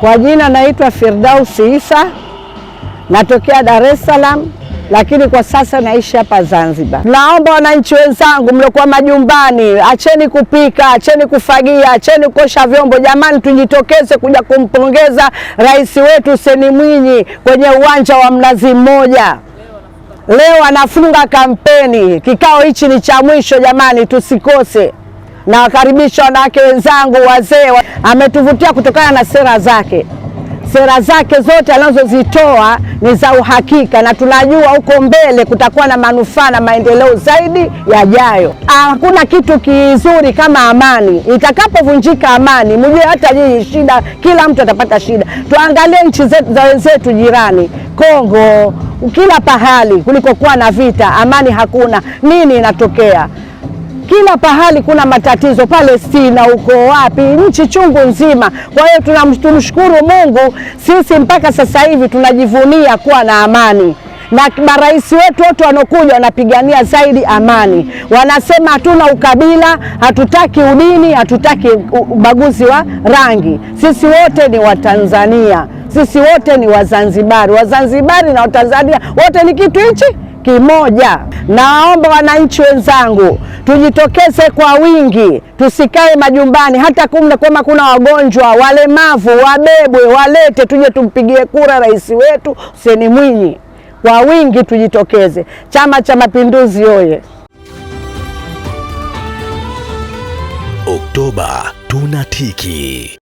Kwa jina naitwa Firdausi Isa, natokea Dar es Salaam, lakini kwa sasa naishi hapa Zanzibar. Naomba wananchi wenzangu mliokuwa majumbani, acheni kupika, acheni kufagia, acheni kukosha vyombo. Jamani, tujitokeze kuja kumpongeza rais wetu Hussein Mwinyi kwenye uwanja wa Mnazi Mmoja. Leo anafunga kampeni, kikao hichi ni cha mwisho. Jamani, tusikose na wakaribisha wanawake wenzangu wazee. Ametuvutia kutokana na sera zake, sera zake zote anazozitoa ni za uhakika, na tunajua huko mbele kutakuwa na manufaa na maendeleo zaidi yajayo. Hakuna kitu kizuri kama amani. Itakapovunjika amani, mjue hata nyinyi shida, kila mtu atapata shida. Tuangalie nchi za wenzetu jirani, Kongo, kila pahali kulikokuwa na vita, amani hakuna, nini inatokea? kila pahali kuna matatizo Palestina, uko wapi, nchi chungu nzima. Kwa hiyo tunamshukuru Mungu, sisi mpaka sasa hivi tunajivunia kuwa na amani na marais wetu wote wanokuja wanapigania zaidi amani, wanasema hatuna ukabila, hatutaki udini, hatutaki ubaguzi wa rangi. Sisi wote ni Watanzania, sisi wote ni Wazanzibari. Wazanzibari na Watanzania wote ni kitu hichi kimoja. Nawaomba wananchi wenzangu, tujitokeze kwa wingi, tusikae majumbani. Hata kama kuna wagonjwa, walemavu, wabebwe, walete, tuje tumpigie kura rais wetu Hussein Mwinyi. Kwa wingi tujitokeze. Chama cha Mapinduzi oye! Oktoba tunatiki.